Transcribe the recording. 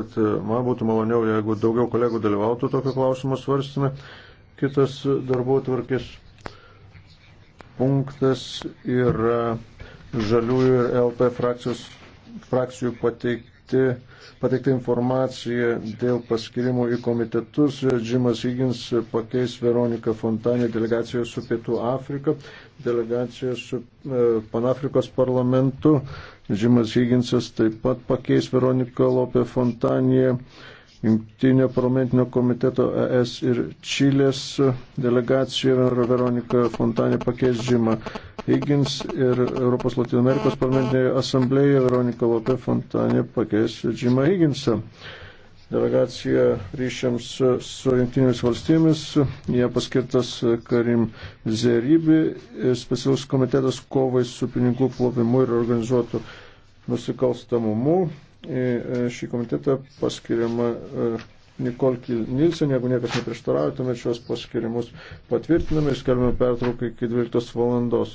kad e, man būtų maloniau, jeigu daugiau kolegų dalyvautų tokio klausimo svarstymė. Kitas darbo tvarkės punktas yra žaliųjų ir LP frakcijos frakcijų pateikti, pateikti informacija dėl paskirimų į komitetus. Džimas Higgins pakeis Veroniką Fontanį delegaciją su Pietų Afrika, delegaciją su e, Panafrikos parlamentu. Džimas Higginsas taip pat pakeis Veroniką Lopę Fontanį. Jungtinio parlamentinio komiteto ES ir Čilės delegacija Veronika Fontanė pakeis Džimą Higgins ir Europos Latino Amerikos parlamentinėje asamblėje Veronika Lopė Fontanė pakeis Džimą Higginsą. Delegacija ryšiams su Junktinėmis valstybėmis, jie paskirtas Karim Zerybi, specialus komitetas kovai su pinigų plovimu ir organizuotų nusikalstamumu. Į e, e, šį komitetą paskiriama e, Nikol Nilsen, jeigu niekas neprieštarauja, tuomet šios paskirimus patvirtiname ir skelbime pertrauką iki 12 valandos.